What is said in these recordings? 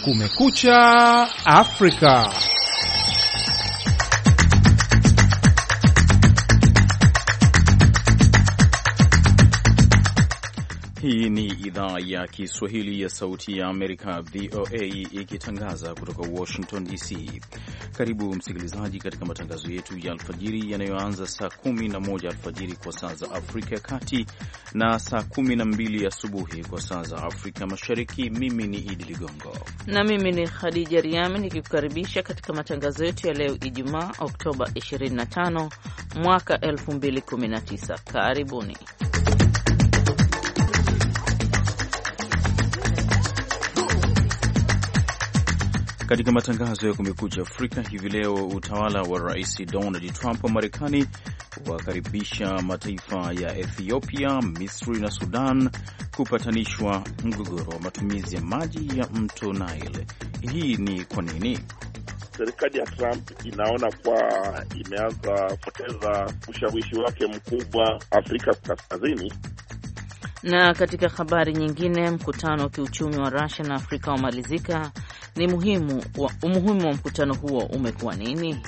Kumekucha Afrika. Hii ni idhaa ya Kiswahili ya Sauti ya Amerika, VOA, ikitangaza kutoka Washington DC. Karibu msikilizaji katika matangazo yetu ya alfajiri yanayoanza saa 11 alfajiri kwa saa za Afrika ya Kati na saa 12 asubuhi kwa saa za Afrika Mashariki. Mimi ni Idi Ligongo na mimi ni Khadija Riami nikikukaribisha katika matangazo yetu ya leo Ijumaa, Oktoba 25 mwaka 2019. Karibuni. Katika matangazo ya Kumekucha Afrika hivi leo, utawala wa Rais Donald Trump wa Marekani wakaribisha mataifa ya Ethiopia, Misri na Sudan kupatanishwa mgogoro wa matumizi ya maji ya mto Nile. Hii ni kwa nini? Serikali ya Trump inaona kuwa imeanza kupoteza ushawishi wake mkubwa Afrika Kaskazini. Na katika habari nyingine, mkutano wa kiuchumi wa rasia na Afrika wamalizika ni muhimu wa, umuhimu wa mkutano huo umekuwa nini?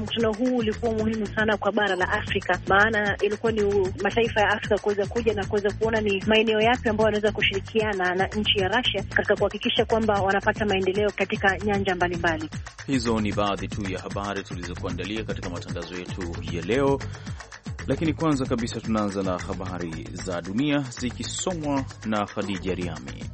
Mkutano huu ulikuwa muhimu sana kwa bara la Afrika, maana ilikuwa ni mataifa ya Afrika kuweza kuja na kuweza kuona ni maeneo yapi ambayo wanaweza kushirikiana na nchi ya Russia katika kuhakikisha kwamba wanapata maendeleo katika nyanja mbalimbali mbali. Hizo ni baadhi tu ya habari tulizokuandalia katika matangazo yetu ya leo, lakini kwanza kabisa tunaanza na habari za dunia zikisomwa na Khadija Riami.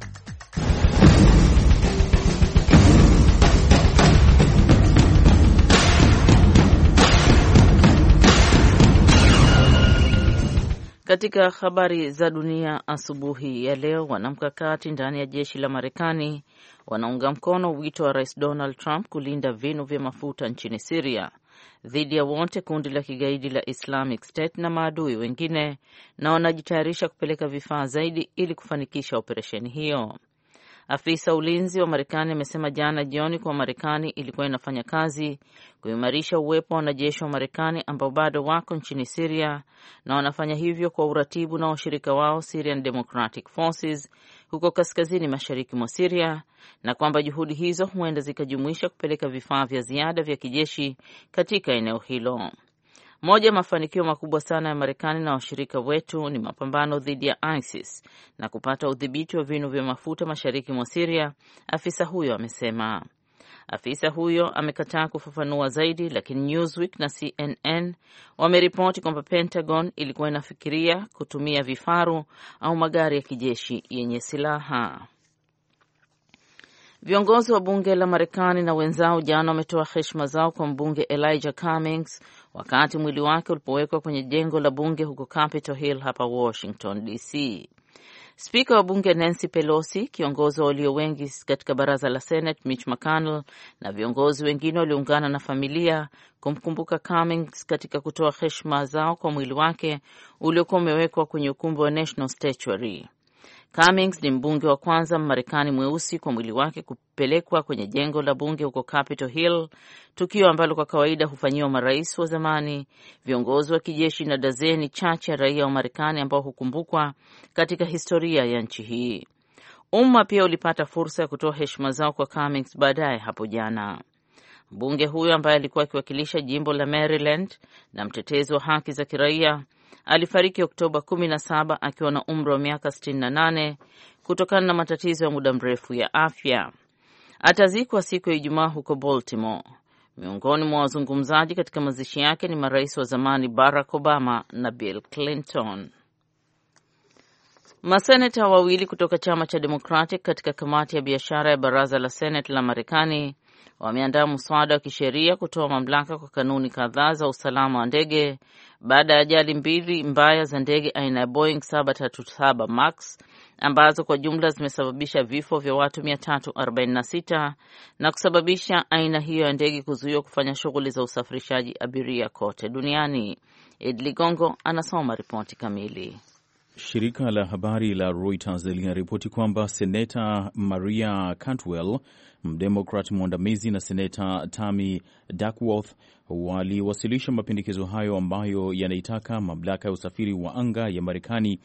Katika habari za dunia asubuhi ya leo, wanamkakati ndani ya jeshi la Marekani wanaunga mkono wito wa Rais Donald Trump kulinda vinu vya mafuta nchini Siria dhidi ya wote kundi la kigaidi la Islamic State na maadui wengine, na wanajitayarisha kupeleka vifaa zaidi ili kufanikisha operesheni hiyo. Afisa ulinzi wa Marekani amesema jana jioni kuwa Marekani ilikuwa inafanya kazi kuimarisha uwepo wa wanajeshi wa Marekani ambao bado wako nchini Siria na wanafanya hivyo kwa uratibu na washirika wao Syrian Democratic Forces huko kaskazini mashariki mwa Siria na kwamba juhudi hizo huenda zikajumuisha kupeleka vifaa vya ziada vya kijeshi katika eneo hilo. Moja ya mafanikio makubwa sana ya Marekani na washirika wetu ni mapambano dhidi ya ISIS na kupata udhibiti wa vinu vya mafuta mashariki mwa Siria, afisa huyo amesema. Afisa huyo amekataa kufafanua zaidi, lakini Newsweek na CNN wameripoti kwamba Pentagon ilikuwa inafikiria kutumia vifaru au magari ya kijeshi yenye silaha. Viongozi wa bunge la Marekani na wenzao jana wametoa heshima zao kwa mbunge Elijah Cummings wakati mwili wake ulipowekwa kwenye jengo la bunge huko Capitol Hill hapa Washington DC. Spika wa bunge Nancy Pelosi, kiongozi wa walio wengi katika baraza la Senate Mitch McConnell na viongozi wengine waliungana na familia kumkumbuka Cummings katika kutoa heshima zao kwa mwili wake uliokuwa umewekwa kwenye ukumbi wa National Statuary. Cummings ni mbunge wa kwanza Mmarekani mweusi kwa mwili wake kupelekwa kwenye jengo la bunge huko Capitol Hill, tukio ambalo kwa kawaida hufanyiwa marais wa zamani, viongozi wa kijeshi na dazeni chache ya raia wa Marekani ambao hukumbukwa katika historia ya nchi hii. Umma pia ulipata fursa ya kutoa heshima zao kwa Cummings baadaye hapo jana. Mbunge huyo ambaye alikuwa akiwakilisha jimbo la Maryland na mtetezi wa haki za kiraia alifariki Oktoba 17 akiwa na umri wa miaka 68 kutokana na matatizo ya muda mrefu ya afya. Atazikwa siku ya Ijumaa huko Baltimore. Miongoni mwa wazungumzaji katika mazishi yake ni marais wa zamani Barack Obama na Bill Clinton. Maseneta wawili kutoka chama cha Democratic katika kamati ya biashara ya baraza la Senate la Marekani wameandaa mswada wa kisheria kutoa mamlaka kwa kanuni kadhaa za usalama wa ndege baada ya ajali mbili mbaya za ndege aina ya Boeing 737 Max ambazo kwa jumla zimesababisha vifo vya watu 346 na kusababisha aina hiyo ya ndege kuzuiwa kufanya shughuli za usafirishaji abiria kote duniani. Ed Ligongo anasoma ripoti kamili. Shirika la habari la Reuters linaripoti kwamba seneta Maria Cantwell, mdemokrat mwandamizi, na seneta Tammy Duckworth waliwasilisha mapendekezo hayo ambayo yanaitaka mamlaka ya usafiri wa anga ya Marekani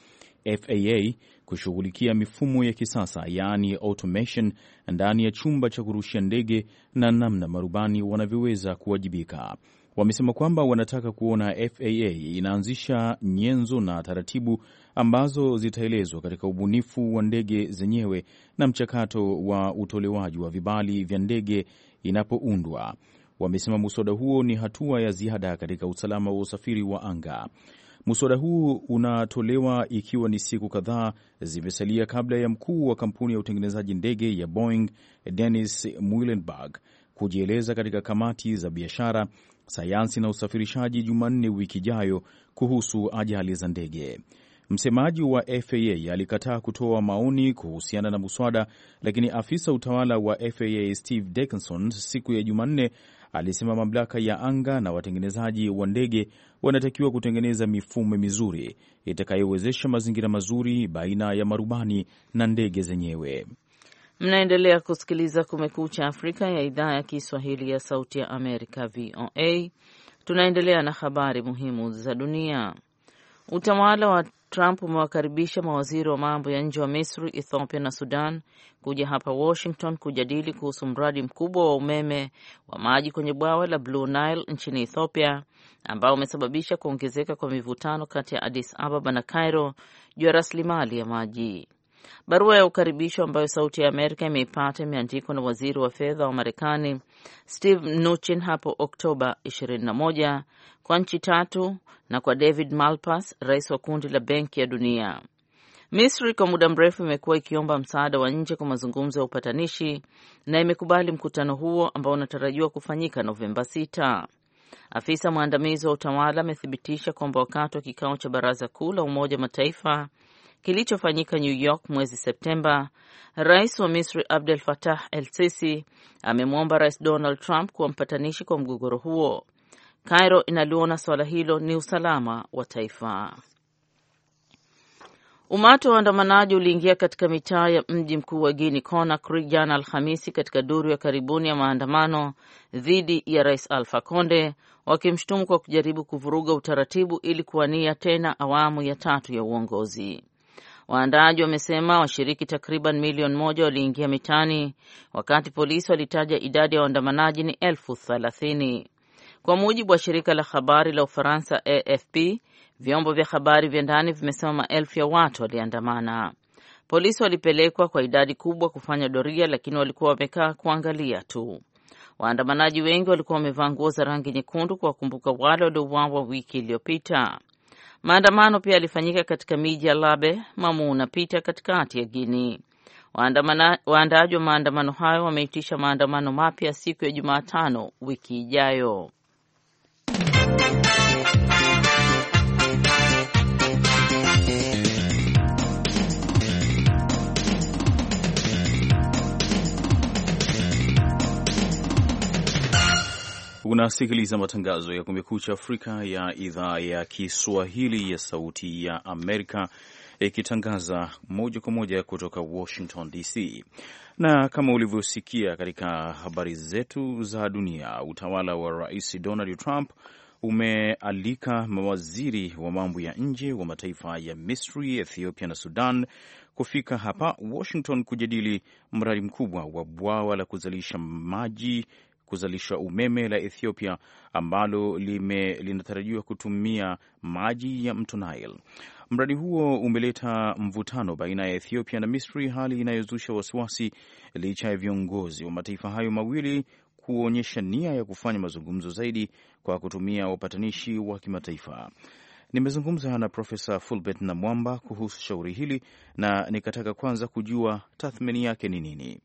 FAA kushughulikia mifumo ya kisasa yaani automation ndani ya chumba cha kurushia ndege na namna marubani wanavyoweza kuwajibika wamesema kwamba wanataka kuona FAA inaanzisha nyenzo na taratibu ambazo zitaelezwa katika ubunifu wa ndege zenyewe na mchakato wa utolewaji wa vibali vya ndege inapoundwa. Wamesema muswada huo ni hatua ya ziada katika usalama wa usafiri wa anga. Muswada huu unatolewa ikiwa ni siku kadhaa zimesalia kabla ya mkuu wa kampuni ya utengenezaji ndege ya Boeing Dennis Muilenburg kujieleza katika kamati za biashara sayansi na usafirishaji Jumanne wiki ijayo kuhusu ajali za ndege. Msemaji wa FAA alikataa kutoa maoni kuhusiana na muswada, lakini afisa utawala wa FAA Steve Dickinson siku ya Jumanne alisema mamlaka ya anga na watengenezaji wa ndege wanatakiwa kutengeneza mifumo mizuri itakayowezesha mazingira mazuri baina ya marubani na ndege zenyewe. Mnaendelea kusikiliza Kumekucha Afrika ya idhaa ya Kiswahili ya Sauti ya Amerika, VOA. Tunaendelea na habari muhimu za dunia. Utawala wa Trump umewakaribisha mawaziri wa mambo ya nje wa Misri, Ethiopia na Sudan kuja hapa Washington kujadili kuhusu mradi mkubwa wa umeme wa maji kwenye bwawa la Blue Nile nchini Ethiopia, ambao umesababisha kuongezeka kwa mivutano kati ya Addis Ababa na Cairo juu ya rasilimali ya maji. Barua ya ukaribisho ambayo Sauti ya Amerika imeipata imeandikwa na waziri wa fedha wa Marekani Steve Mnuchin hapo Oktoba 21 kwa nchi tatu na kwa David Malpass, rais wa kundi la Benki ya Dunia. Misri kwa muda mrefu imekuwa ikiomba msaada wa nje kwa mazungumzo ya upatanishi na imekubali mkutano huo ambao unatarajiwa kufanyika Novemba 6. Afisa mwandamizi wa utawala amethibitisha kwamba wakati wa kikao cha Baraza Kuu la Umoja wa Mataifa kilichofanyika New York mwezi Septemba, rais wa Misri Abdel Fattah El Sisi amemwomba rais Donald Trump kuwa mpatanishi kwa mgogoro huo. Cairo inaliona suala hilo ni usalama wa taifa. Umati wa waandamanaji uliingia katika mitaa ya mji mkuu wa guini Conakry jana Alhamisi, katika duru ya karibuni ya maandamano dhidi ya rais Alfa Conde, wakimshutumu kwa kujaribu kuvuruga utaratibu ili kuwania tena awamu ya tatu ya uongozi. Waandaaji wamesema washiriki takriban milioni moja waliingia mitani, wakati polisi walitaja idadi ya waandamanaji ni elfu thelathini. Kwa mujibu wa shirika la habari la Ufaransa AFP, vyombo vya habari vya ndani vimesema maelfu ya watu waliandamana. Polisi walipelekwa kwa idadi kubwa kufanya doria, lakini walikuwa wamekaa kuangalia tu. Waandamanaji wengi walikuwa wamevaa nguo za rangi nyekundu kuwakumbuka wale waliouawa wiki iliyopita. Maandamano pia yalifanyika katika miji ya Labe, Mamu na Pita katikati ya guini Waandaaji wa maandamano hayo wameitisha maandamano mapya siku ya Jumatano wiki ijayo. Unasikiliza matangazo ya Kumekucha Afrika ya idhaa ya Kiswahili ya Sauti ya Amerika ikitangaza moja kwa moja kutoka Washington DC. Na kama ulivyosikia katika habari zetu za dunia, utawala wa Rais Donald Trump umealika mawaziri wa mambo ya nje wa mataifa ya Misri, Ethiopia na Sudan kufika hapa Washington kujadili mradi mkubwa wa bwawa la kuzalisha maji kuzalisha umeme la Ethiopia ambalo linatarajiwa kutumia maji ya mto Nile. Mradi huo umeleta mvutano baina ya Ethiopia na Misri, hali inayozusha wasiwasi licha ya viongozi wa mataifa hayo mawili kuonyesha nia ya kufanya mazungumzo zaidi kwa kutumia wapatanishi wa kimataifa. Nimezungumza na Profesa Fulbert Namwamba kuhusu shauri hili na nikataka kwanza kujua tathmini yake ni nini.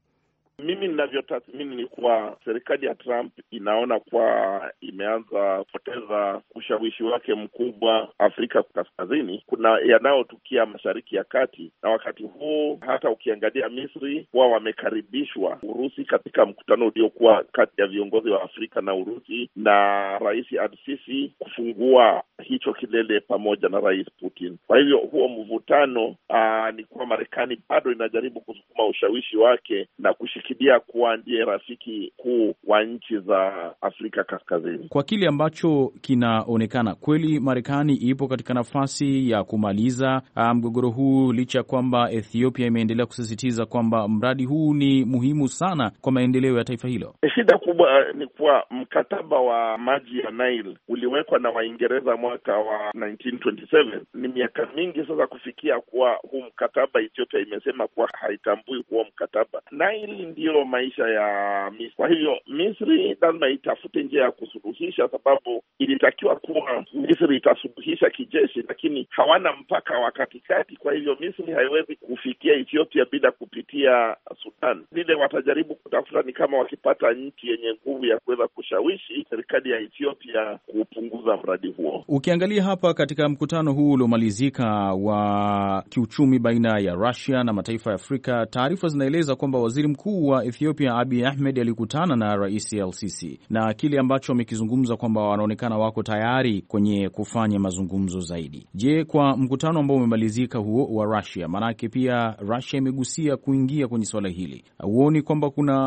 Mimi ninavyotathmini ni kuwa serikali ya Trump inaona kuwa imeanza kupoteza ushawishi wake mkubwa Afrika Kaskazini, kuna yanayotukia Mashariki ya Kati, na wakati huu hata ukiangalia Misri kuwa wamekaribishwa Urusi katika mkutano uliokuwa kati ya viongozi wa Afrika na Urusi na Rais al-Sisi kufungua hicho kilele pamoja na Rais Putin. Kwa hivyo huo mvutano aa, ni kuwa Marekani bado inajaribu kusukuma ushawishi wake na anakimbia kuwa ndiye rafiki kuu wa nchi za Afrika Kaskazini. Kwa kile ambacho kinaonekana, kweli Marekani ipo katika nafasi ya kumaliza ah, mgogoro huu, licha ya kwamba Ethiopia imeendelea kusisitiza kwamba mradi huu ni muhimu sana kwa maendeleo ya taifa hilo. Eh, shida kubwa eh, ni kuwa mkataba wa maji ya Nile uliwekwa na Waingereza mwaka wa 1927. Ni miaka mingi sasa kufikia kuwa huu mkataba, Ethiopia imesema kuwa haitambui huo mkataba. Nile ndiyo maisha ya Misri. Kwa hivyo Misri lazima itafute njia ya kusuluhisha, sababu ilitakiwa kuwa Misri itasuluhisha kijeshi, lakini hawana mpaka wa katikati. Kwa hivyo Misri haiwezi kufikia Ethiopia bila kupitia Sudan. Lile watajaribu kutafuta ni kama wakipata nchi yenye nguvu ya kuweza kushawishi serikali ya Ethiopia kupunguza mradi huo. Ukiangalia hapa katika mkutano huu uliomalizika wa kiuchumi baina ya Russia na mataifa ya Afrika, taarifa zinaeleza kwamba waziri mkuu wa Ethiopia Abiy Ahmed alikutana na rais LCC na kile ambacho wamekizungumza kwamba wanaonekana wako tayari kwenye kufanya mazungumzo zaidi. Je, kwa mkutano ambao umemalizika huo wa Russia, maanake pia Russia imegusia kuingia kwenye suala hili, huoni kwamba kuna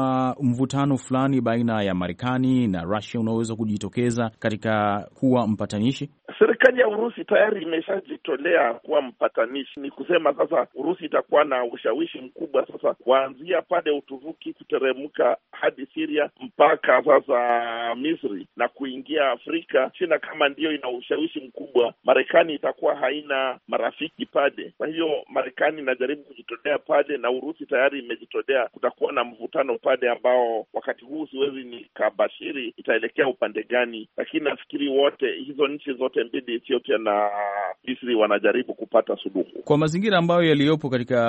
mvutano fulani baina ya Marekani na Russia unaoweza kujitokeza katika kuwa mpatanishi? Serikali ya Urusi tayari imeshajitolea kuwa mpatanishi. Ni kusema sasa Urusi itakuwa na ushawishi mkubwa sasa, kuanzia pale Uturuki kuteremka hadi Syria mpaka sasa Misri na kuingia Afrika. China kama ndiyo ina ushawishi mkubwa, Marekani itakuwa haina marafiki pale. Kwa hivyo Marekani inajaribu kujitolea pale na Urusi tayari imejitolea. Kutakuwa na mvutano pale ambao wakati huu siwezi nikabashiri itaelekea upande gani, lakini nafikiri wote hizo nchi zote mbili, Ethiopia na Misri, wanajaribu kupata suluhu kwa mazingira ambayo yaliyopo katika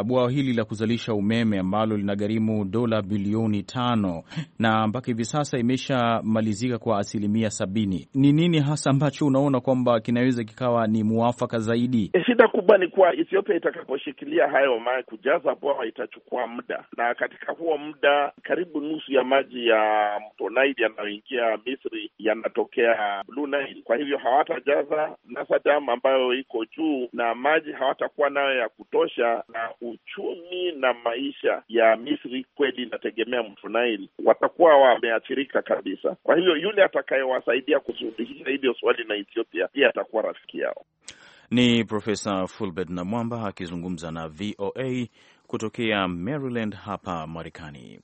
uh, bwawa hili la kuzalisha umeme ambalo linagharimu dola bilioni tano na mpaka hivi sasa imeshamalizika kwa asilimia sabini. Ni nini hasa ambacho unaona kwamba kinaweza kikawa ni mwafaka zaidi? E, shida kubwa ni kuwa Ethiopia itakaposhikilia hayo maji, kujaza bwawa itachukua muda, na katika huo muda karibu nusu ya maji ya mto Nile yanayoingia Misri yanatokea Blue Nile. Kwa hivyo hawatajaza Nasa Dam ambayo iko juu, na maji hawatakuwa nayo ya kutosha, na uchumi na maisha ya Misri kweli inategemea na ili watakuwa wameathirika kabisa. Kwa hivyo yule atakayewasaidia kusuluhisha hilo swali na Ethiopia pia atakuwa rafiki yao. Ni Profesa Fulbert Namwamba akizungumza na VOA kutokea Maryland hapa Marekani.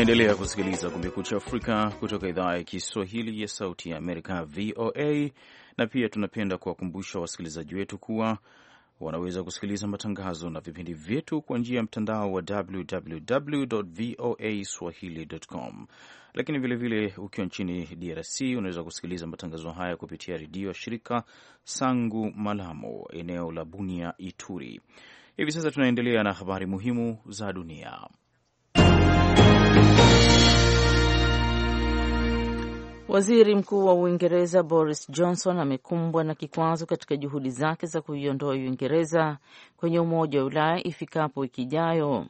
Unaendelea kusikiliza Kumekucha Afrika kutoka idhaa ya Kiswahili ya Sauti ya Amerika, VOA. Na pia tunapenda kuwakumbusha wasikilizaji wetu kuwa wanaweza kusikiliza matangazo na vipindi vyetu kwa njia ya mtandao wa www voa swahili.com. Lakini vilevile ukiwa nchini DRC unaweza kusikiliza matangazo haya kupitia redio ya shirika Sangu Malamu, eneo la Bunia, Ituri. Hivi sasa tunaendelea na habari muhimu za dunia. Waziri Mkuu wa Uingereza Boris Johnson amekumbwa na kikwazo katika juhudi zake za kuiondoa Uingereza kwenye Umoja wa Ulaya ifikapo wiki ijayo.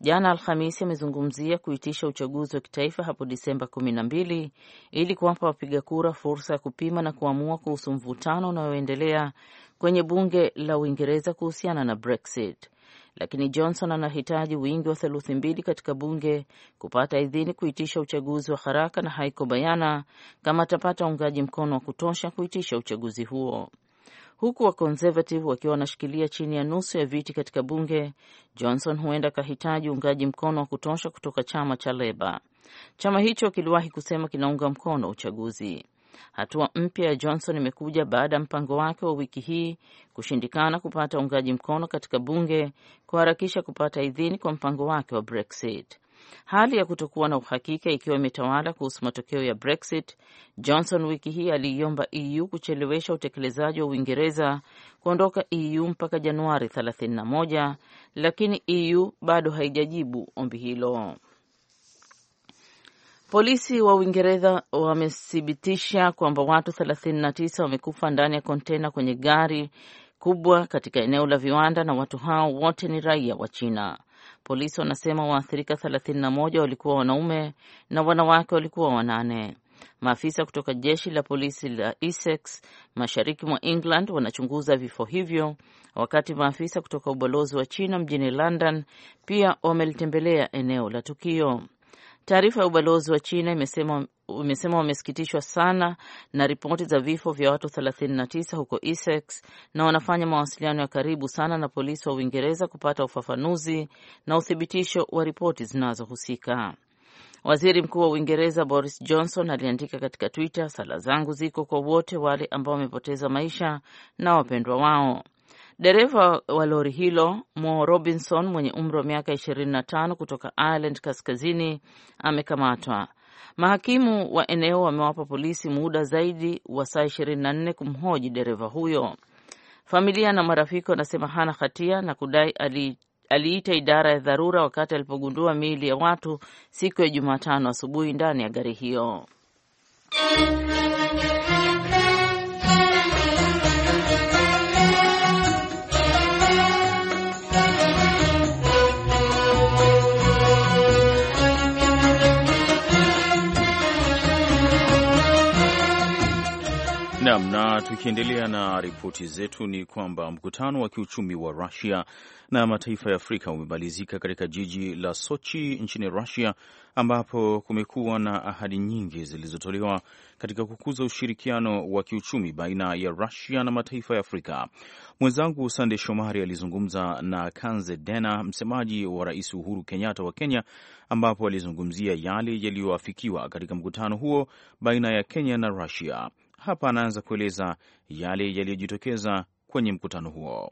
Jana Alhamisi amezungumzia kuitisha uchaguzi wa kitaifa hapo Disemba kumi na mbili ili kuwapa wapiga kura fursa ya kupima na kuamua kuhusu mvutano unaoendelea kwenye bunge la Uingereza kuhusiana na Brexit lakini Johnson anahitaji wingi wa theluthi mbili katika bunge kupata idhini kuitisha uchaguzi wa haraka, na haiko bayana kama atapata uungaji mkono wa kutosha kuitisha uchaguzi huo. Huku wa Conservative wakiwa wanashikilia chini ya nusu ya viti katika bunge, Johnson huenda akahitaji uungaji mkono wa kutosha kutoka chama cha Leba. Chama hicho kiliwahi kusema kinaunga mkono uchaguzi. Hatua mpya ya Johnson imekuja baada ya mpango wake wa wiki hii kushindikana kupata uungaji mkono katika bunge kuharakisha kupata idhini kwa mpango wake wa Brexit. Hali ya kutokuwa na uhakika ikiwa imetawala kuhusu matokeo ya Brexit, Johnson wiki hii aliiomba EU kuchelewesha utekelezaji wa Uingereza kuondoka EU mpaka Januari 31, lakini EU bado haijajibu ombi hilo. Polisi wa Uingereza wamethibitisha kwamba watu 39 wamekufa ndani ya kontena kwenye gari kubwa katika eneo la viwanda na watu hao wote ni raia wa China. Polisi wanasema waathirika 31 walikuwa wanaume na wanawake walikuwa wanane. Maafisa kutoka jeshi la polisi la Essex mashariki mwa England wanachunguza vifo hivyo, wakati maafisa kutoka ubalozi wa China mjini London pia wamelitembelea eneo la tukio. Taarifa ya ubalozi wa China imesema wamesikitishwa sana na ripoti za vifo vya watu 39 huko Essex na wanafanya mawasiliano ya karibu sana na polisi wa Uingereza kupata ufafanuzi na uthibitisho wa ripoti zinazohusika. Waziri Mkuu wa Uingereza Boris Johnson aliandika katika Twitter, sala zangu ziko kwa wote wale ambao wamepoteza maisha na wapendwa wao. Dereva wa lori hilo Mo Robinson mwenye umri wa miaka 25 kutoka Ireland Kaskazini amekamatwa. Mahakimu wa eneo wamewapa polisi muda zaidi wa saa 24 kumhoji dereva huyo. Familia na marafiki wanasema hana hatia na kudai ali aliita idara ya dharura wakati alipogundua miili ya watu siku ya Jumatano asubuhi ndani ya gari hiyo. Tukiendelea na ripoti zetu ni kwamba mkutano wa kiuchumi wa Rusia na mataifa ya Afrika umemalizika katika jiji la Sochi nchini Rusia, ambapo kumekuwa na ahadi nyingi zilizotolewa katika kukuza ushirikiano wa kiuchumi baina ya Rusia na mataifa ya Afrika. Mwenzangu Sande Shomari alizungumza na Kanze Dena, msemaji wa Rais Uhuru Kenyatta wa Kenya, ambapo alizungumzia yale yaliyoafikiwa katika mkutano huo baina ya Kenya na Rusia. Hapa anaanza kueleza yale yaliyojitokeza kwenye mkutano huo.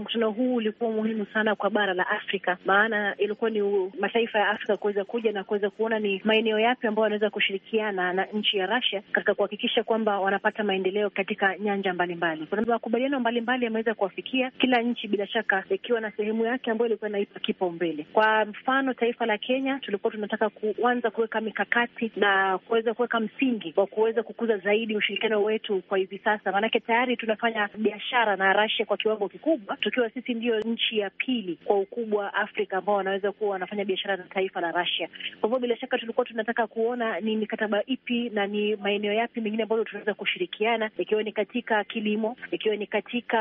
Mkutano huu ulikuwa muhimu sana kwa bara la Afrika, maana ilikuwa ni mataifa ya Afrika kuweza kuja na kuweza kuona ni maeneo yapi ambayo wanaweza kushirikiana na nchi ya Russia katika kuhakikisha kwamba wanapata maendeleo katika nyanja mbalimbali. Kuna makubaliano mbalimbali yameweza kuwafikia kila nchi, bila shaka ikiwa na sehemu yake ambayo ilikuwa inaipa kipaumbele. Kwa mfano, taifa la Kenya tulikuwa tunataka kuanza kuweka mikakati na kuweza kuweka msingi wa kuweza kukuza zaidi ushirikiano wetu kwa hivi sasa, maanake tayari tunafanya biashara na Russia kwa kiwango kikubwa tukiwa sisi ndiyo nchi ya pili kwa ukubwa Afrika ambao wanaweza kuwa wanafanya biashara na taifa la Russia. Kwa hivyo bila shaka tulikuwa tunataka kuona ni mikataba ipi na ni maeneo yapi mengine ambayo tunaweza kushirikiana, ikiwa ni katika kilimo, ikiwa ni katika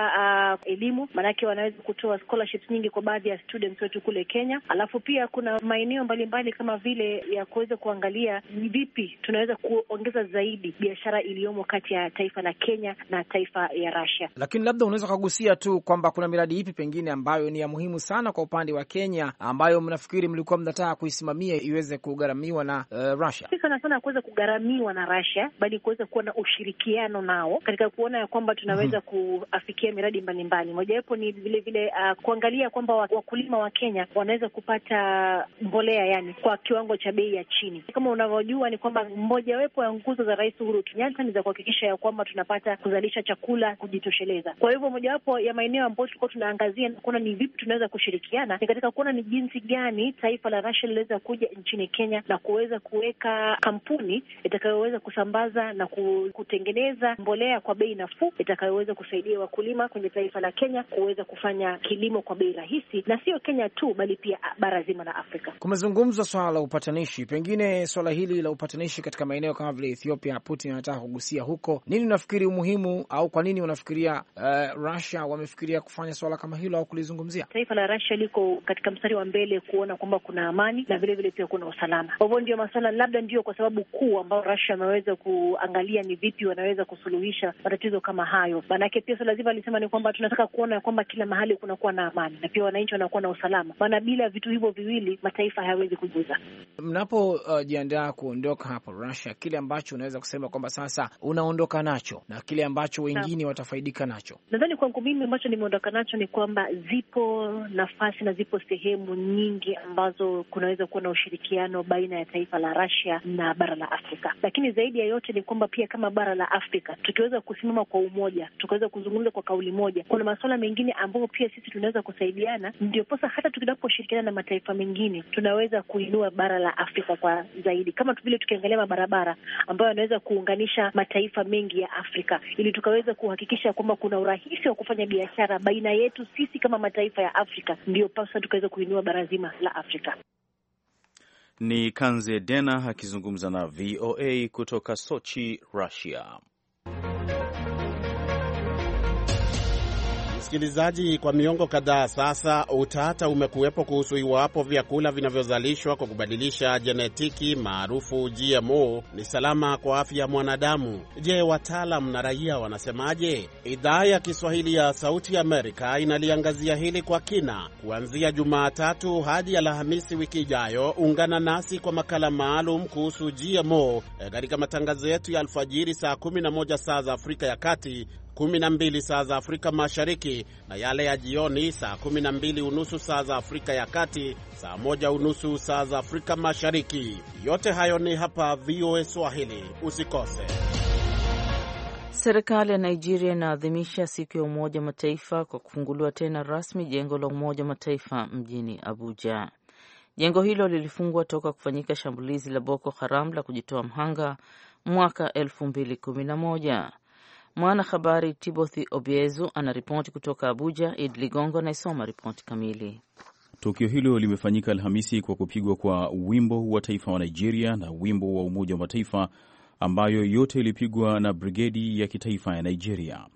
uh, elimu, maanake wanaweza kutoa scholarships nyingi kwa baadhi ya students wetu kule Kenya. Alafu pia kuna maeneo mbalimbali kama vile ya kuweza kuangalia ni vipi tunaweza kuongeza zaidi biashara iliyomo kati ya taifa la Kenya na taifa ya Russia. Lakini labda unaweza ukagusia tu kwamba kuna miradi ipi pengine ambayo ni ya muhimu sana kwa upande wa Kenya ambayo mnafikiri mlikuwa mnataka kuisimamia iweze kugharamiwa na uh, Russia? Si sana sana kuweza kugharamiwa na Russia, bali kuweza kuwa na ushirikiano nao katika kuona ya kwamba tunaweza mm -hmm. kuafikia miradi mbalimbali. Mojawapo ni vile vile uh, kuangalia kwamba wakulima wa Kenya wanaweza kupata mbolea yani kwa kiwango cha bei ya chini. Kama unavyojua ni kwamba mojawapo ya nguzo za Rais Uhuru Kenyatta ni za kuhakikisha ya kwamba tunapata kuzalisha chakula kujitosheleza. Kwa hivyo mojawapo ya maeneo ambayo tulikuwa tunaangazia na kuona ni vipi tunaweza kushirikiana ni katika kuona ni jinsi gani taifa la Russia liliweza kuja nchini Kenya na kuweza kuweka kampuni itakayoweza kusambaza na kutengeneza mbolea kwa bei nafuu itakayoweza kusaidia wakulima kwenye taifa la Kenya kuweza kufanya kilimo kwa bei rahisi, na sio Kenya tu, bali pia bara zima la Afrika. Kumezungumzwa swala la upatanishi, pengine swala hili la upatanishi katika maeneo kama vile Ethiopia, Putin anataka kugusia huko. Nini unafikiri umuhimu au kwa nini unafikiria uh, Russia wamefikiria kufanya kwenye swala kama hilo au kulizungumzia? Taifa la Russia liko katika mstari wa mbele kuona kwamba kuna amani na vilevile pia kuna usalama. Kwa hivyo ndio maswala labda ndio kwa sababu kuu ambayo Russia ameweza kuangalia ni vipi wanaweza kusuluhisha matatizo kama hayo. Maanake pia swala zima alisema ni kwamba tunataka kuona kwamba kila mahali kunakuwa na amani na pia wananchi wanakuwa na usalama, maana bila vitu hivyo viwili mataifa hayawezi kujuza. Mnapojiandaa uh, kuondoka hapo Russia, kile ambacho unaweza kusema kwamba sasa unaondoka nacho na kile ambacho wengine watafaidika nacho, nadhani kwangu mimi ambacho nimeondoka nacho nacho ni kwamba zipo nafasi na zipo sehemu nyingi ambazo kunaweza kuwa na ushirikiano baina ya taifa la Russia na bara la Afrika, lakini zaidi ya yote ni kwamba pia kama bara la Afrika tukiweza kusimama kwa umoja, tukaweza kuzungumza kwa kauli moja, kuna masuala mengine ambayo pia sisi tunaweza kusaidiana. Ndioposa hata tunaposhirikiana na mataifa mengine tunaweza kuinua bara la Afrika kwa zaidi, kama vile tukiangalia mabarabara ambayo yanaweza kuunganisha mataifa mengi ya Afrika ili tukaweza kuhakikisha kwamba kuna urahisi wa kufanya biashara baina yetu sisi kama mataifa ya Afrika ndiyo pasa tukaweza kuinua bara zima la Afrika. Ni Kanze Dena akizungumza na VOA kutoka Sochi, Russia. Msikilizaji, kwa miongo kadhaa sasa utata umekuwepo kuhusu iwapo vyakula vinavyozalishwa kwa kubadilisha jenetiki maarufu GMO ni salama kwa afya ya mwanadamu. Je, wataalam na raia wanasemaje? Idhaa ya Kiswahili ya Sauti Amerika inaliangazia hili kwa kina kuanzia Jumatatu hadi Alhamisi wiki ijayo. Ungana nasi kwa makala maalum kuhusu GMO katika matangazo yetu ya alfajiri saa 11 saa za Afrika ya Kati 12 saa za Afrika Mashariki na yale ya jioni saa 12 unusu saa za Afrika ya Kati, saa 1 unusu saa za Afrika Mashariki. Yote hayo ni hapa VOA Swahili, usikose. Serikali ya Nigeria inaadhimisha siku ya Umoja wa Mataifa kwa kufunguliwa tena rasmi jengo la Umoja wa Mataifa mjini Abuja. Jengo hilo lilifungwa toka kufanyika shambulizi la Boko Haram la kujitoa mhanga mwaka 2011. Mwanahabari Timothy Obiezu anaripoti kutoka Abuja. Id Ligongo anayesoma ripoti kamili. Tukio hilo limefanyika Alhamisi kwa kupigwa kwa wimbo wa taifa wa Nigeria na wimbo wa Umoja wa Mataifa, ambayo yote ilipigwa na brigedi ya kitaifa ya Nigeria.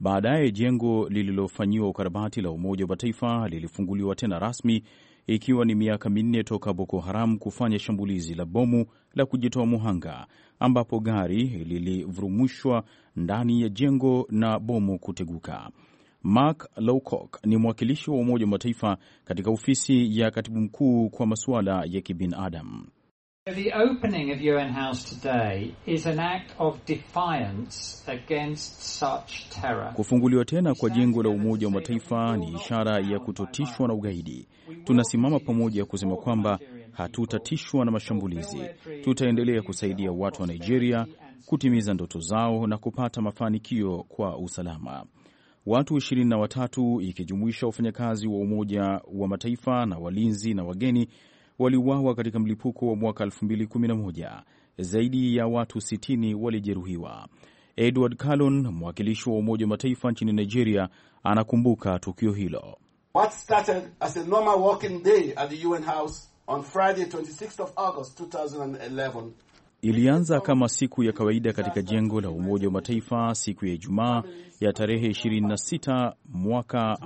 Baadaye jengo lililofanyiwa ukarabati la Umoja wa Mataifa lilifunguliwa tena rasmi ikiwa ni miaka minne toka Boko Haram kufanya shambulizi la bomu la kujitoa muhanga ambapo gari lilivurumushwa ndani ya jengo na bomu kuteguka. Mark Lowcock ni mwakilishi wa Umoja wa Mataifa katika ofisi ya katibu mkuu kwa masuala ya kibinadamu. The opening of UN House today is an act of defiance against such terror. Kufunguliwa tena kwa jengo la Umoja wa Mataifa ni ishara ya kutotishwa na ugaidi. Tunasimama pamoja kusema kwamba hatutatishwa na mashambulizi. Tutaendelea kusaidia watu wa Nigeria kutimiza ndoto zao na kupata mafanikio kwa usalama. Watu ishirini na watatu ikijumuisha wafanyakazi wa Umoja wa Mataifa na walinzi na wageni waliuawa katika mlipuko wa mwaka 2011. Zaidi ya watu 60 walijeruhiwa. Edward Callon, mwakilishi wa Umoja wa Mataifa nchini Nigeria, anakumbuka tukio hilo. What started as a normal working day at the UN House on Friday 26th of August 2011 Ilianza kama siku ya kawaida katika jengo la Umoja wa Mataifa siku ya Ijumaa ya tarehe 26 mwaka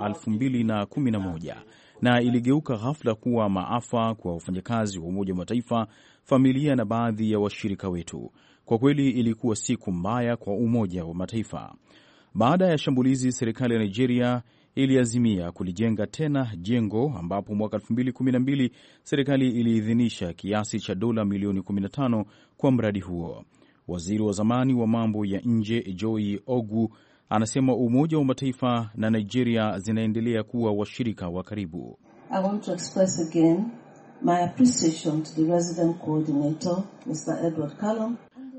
na iligeuka ghafla kuwa maafa kwa wafanyakazi wa Umoja wa Mataifa, familia na baadhi ya washirika wetu. Kwa kweli ilikuwa siku mbaya kwa Umoja wa Mataifa. Baada ya shambulizi, serikali ya Nigeria iliazimia kulijenga tena jengo ambapo mwaka 2012 serikali iliidhinisha kiasi cha dola milioni 15 kwa mradi huo. Waziri wa zamani wa mambo ya nje Joy Ogu anasema Umoja wa Mataifa na Nigeria zinaendelea kuwa washirika wa karibu. I want to express again my appreciation to the resident coordinator Mr. Edward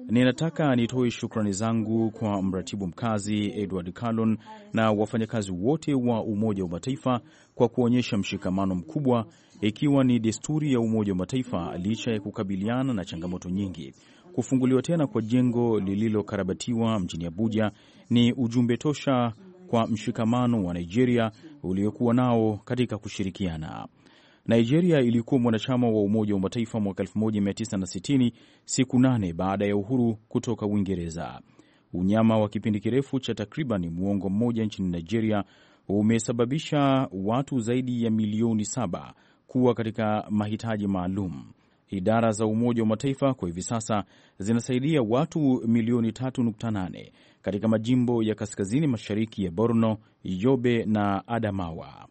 Ninataka nitoe shukrani zangu kwa mratibu mkazi Edward Callon na wafanyakazi wote wa Umoja wa Mataifa kwa kuonyesha mshikamano mkubwa, ikiwa ni desturi ya Umoja wa Mataifa licha ya kukabiliana na changamoto nyingi. Kufunguliwa tena kwa jengo lililokarabatiwa mjini Abuja ni ujumbe tosha kwa mshikamano wa Nigeria uliokuwa nao katika kushirikiana. Nigeria ilikuwa mwanachama wa Umoja wa Mataifa mwaka 1960 siku nane baada ya uhuru kutoka Uingereza. Unyama wa kipindi kirefu cha takriban muongo mmoja nchini Nigeria umesababisha watu zaidi ya milioni saba kuwa katika mahitaji maalum. Idara za Umoja wa Mataifa kwa hivi sasa zinasaidia watu milioni 3.8 katika majimbo ya kaskazini mashariki ya Borno, Yobe na Adamawa.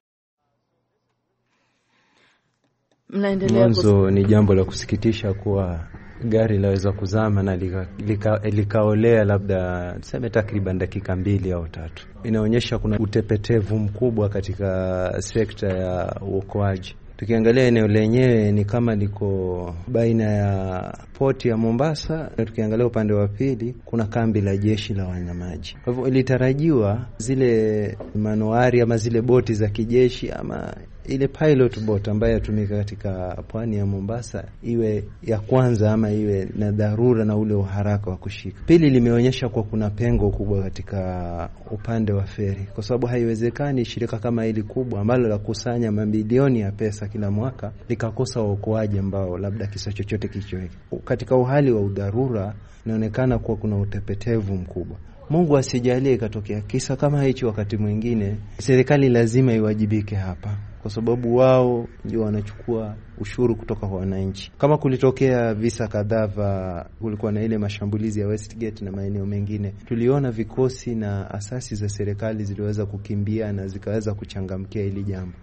Mwanzo ni jambo la kusikitisha kuwa gari laweza kuzama na likaolea lika, lika labda tuseme takriban dakika mbili au tatu. Inaonyesha kuna utepetevu mkubwa katika sekta ya uokoaji. Tukiangalia eneo lenyewe ni kama liko baina ya poti ya Mombasa, tukiangalia upande wa pili, kuna kambi la jeshi la wanamaji. Kwa hivyo ilitarajiwa zile manuari ama zile boti za kijeshi ama ile pilot boat ambayo yatumika katika pwani ya Mombasa iwe ya kwanza ama iwe na dharura na ule uharaka wa kushika. Pili, limeonyesha kuwa kuna pengo kubwa katika upande wa feri, kwa sababu haiwezekani shirika kama hili kubwa ambalo la kusanya mabilioni ya pesa kila mwaka likakosa uokoaji ambao labda kisa chochote kicho katika uhali wa udharura, inaonekana kuwa kuna utepetevu mkubwa. Mungu asijalie ikatokea kisa kama hichi wakati mwingine. Serikali lazima iwajibike hapa, kwa sababu wao ndio wanachukua ushuru kutoka kwa wananchi. Kama kulitokea visa kadhaa vya, kulikuwa na ile mashambulizi ya Westgate na maeneo mengine, tuliona vikosi na asasi za serikali ziliweza kukimbia na zikaweza kuchangamkia hili jambo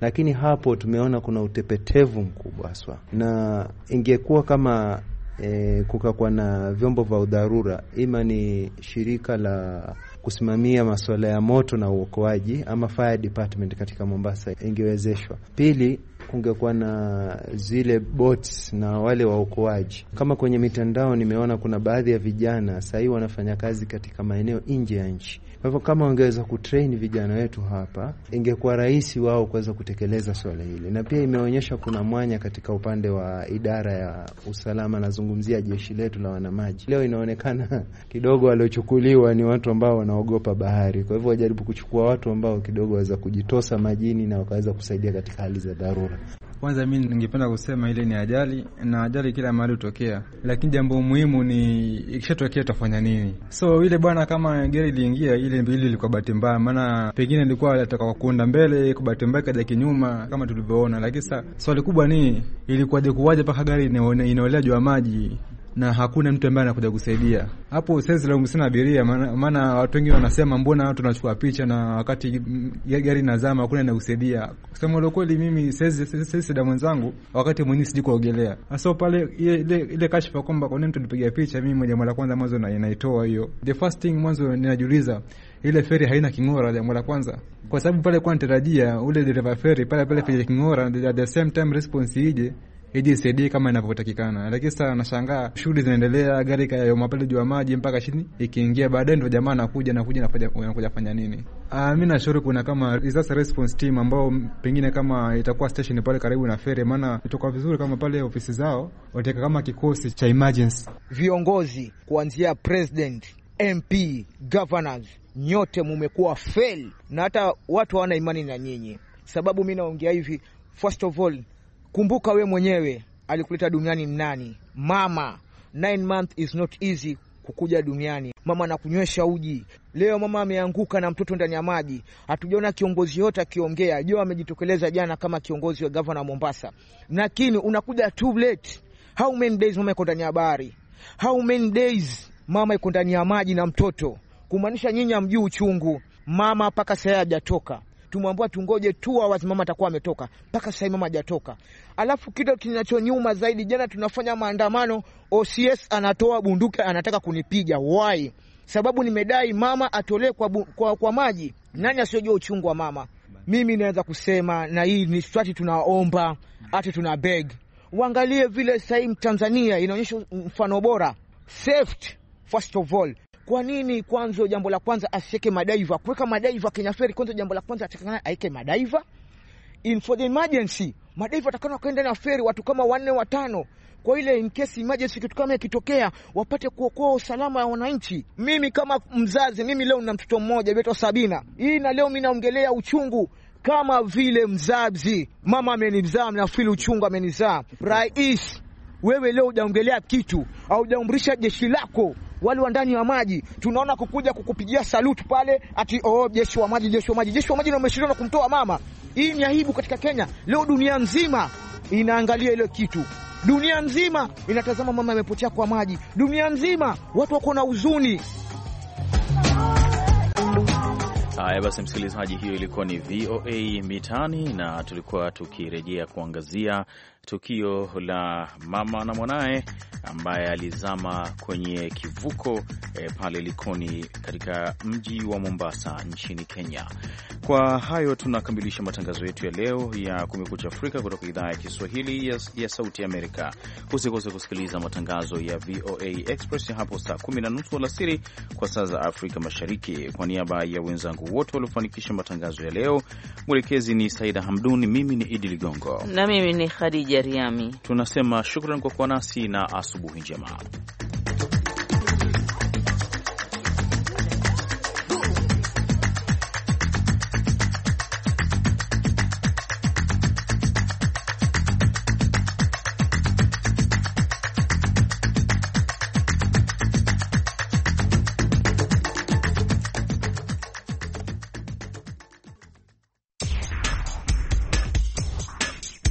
lakini hapo tumeona kuna utepetevu mkubwa haswa, na ingekuwa kama e, kukakuwa na vyombo vya udharura, ima ni shirika la kusimamia masuala ya moto na uokoaji ama fire department katika Mombasa ingewezeshwa. Pili, kungekuwa na zile bots na wale waokoaji. Kama kwenye mitandao nimeona kuna baadhi ya vijana sahii wanafanya kazi katika maeneo nje ya nchi kwa hivyo kama wangeweza kutrain vijana wetu hapa, ingekuwa rahisi wao kuweza kutekeleza swala hili, na pia imeonyesha kuna mwanya katika upande wa idara ya usalama, nazungumzia jeshi letu la wanamaji. Leo inaonekana kidogo waliochukuliwa ni watu ambao wanaogopa bahari, kwa hivyo wajaribu kuchukua watu ambao kidogo waweza kujitosa majini na wakaweza kusaidia katika hali za dharura. Kwanza mi ningependa kusema ile ni ajali, na ajali kila mahali hutokea, lakini jambo muhimu ni ikishatokea utafanya nini. So ile bwana, kama gari iliingia ile mbili, ilikuwa bahati mbaya, maana pengine ilikuwa alitaka kuenda mbele, kwa bahati mbaya kaja kinyuma kama tulivyoona. Lakini sa swali kubwa ni ilikuwaje, kuwaje mpaka gari inaolea juu ya maji? na hakuna mtu ambaye anakuja kusaidia hapo. Siwezi laumu sana abiria, maana watu wengi wanasema mbona watu wanachukua picha na wakati gari inazama hakuna anakusaidia. Kusema ile kweli, mimi siwezi sida mwenzangu, wakati mwenyewe siji kuogelea, hasa pale ile ile kashfa kwamba kwa nini mtu nipiga picha mimi moja Mara kwanza mwanzo naitoa hiyo the first thing, mwanzo ninajiuliza ile feri haina king'ora, jambo la kwanza, kwa sababu pale kwa nitarajia ule dereva feri pale pale feri king'ora, at the same time response ije ili isaidie kama inavyotakikana. Lakini sasa nashangaa shughuli zinaendelea, gari kayoma pale juu ya maji mpaka chini ikiingia, baadaye ndo jamaa anakuja nakuja nakuja fanya nini? Ah, mi nashauri kuna kama disaster response team ambao pengine kama itakuwa station pale karibu na feri, maana itoka vizuri kama pale ofisi zao wateka kama kikosi cha emergency. Viongozi kuanzia president, MP, governors, nyote mumekuwa fail, na hata watu hawana imani na nyinyi. Sababu mi naongea hivi, first of all Kumbuka we mwenyewe alikuleta duniani nani? Mama. Nine month is not easy kukuja duniani. Mama anakunywesha uji. Leo mama ameanguka na mtoto ndani ya maji. Hatujaona kiongozi yote akiongea. Jo amejitokeleza jana kama kiongozi wa gavana wa Mombasa, lakini unakuja too late. How many days mama iko ndani ya bahari? How many days mama iko ndani ya maji na mtoto? Kumaanisha nyinyi hamjui uchungu. Mama mpaka sasa hajatoka tumwambia tungoje tu awazi, mama atakuwa ametoka. Mpaka sasa mama hajatoka. Alafu kitu kinachonyuma zaidi, jana tunafanya maandamano, OCS anatoa bunduki, anataka kunipiga. Why? Sababu nimedai mama atolee kwa, kwa, kwa maji. Nani asiyojua uchungu wa mama? Mimi naweza kusema na hii ni swati, tunaomba hata tuna beg waangalie vile sahii Tanzania inaonyesha mfano bora, safety first of all. Kwa nini kwanza, jambo la kwanza asiweke madaiva? Kuweka madaiva Kenya Ferry, kwanza jambo la kwanza atakana aweke madaiva in for the emergency. Madaiva atakana kwenda na feri watu kama wanne watano, kwa ile in case emergency, kitu kama ikitokea, wapate kuokoa usalama wa wananchi. Mimi kama mzazi, mimi leo nina mtoto mmoja aitwa Sabina hii, na leo mimi naongelea uchungu kama vile mzazi, mama amenizaa, nafili uchungu amenizaa. Rais wewe leo hujaongelea kitu au hujaumrisha jeshi lako wale wa ndani wa maji tunaona kukuja kukupigia salute pale ati oh, jeshi wa maji, jeshi wa maji, jeshi wa maji, na umeshindwa na kumtoa mama. Hii ni aibu katika Kenya leo. Dunia nzima inaangalia ile kitu, dunia nzima inatazama mama amepotea kwa maji, dunia nzima watu wako na huzuni. Haya basi, msikilizaji, hiyo ilikuwa ni VOA Mitaani na tulikuwa tukirejea kuangazia tukio la mama na mwanaye ambaye alizama kwenye kivuko e, pale Likoni katika mji wa Mombasa nchini Kenya. Kwa hayo tunakamilisha matangazo yetu ya leo ya Kumekucha Afrika kutoka idhaa ya Kiswahili ya, ya Sauti Amerika. Usikose kusikiliza matangazo ya VOA Express hapo saa kumi na nusu alasiri kwa saa za Afrika Mashariki. Kwa niaba ya wenzangu wote waliofanikisha matangazo ya leo, mwelekezi ni Saida Hamduni, mimi ni Idi Ligongo na mimi ni Khadija Khadija Riami. Tunasema shukran kwa kuwa nasi na asubuhi njema.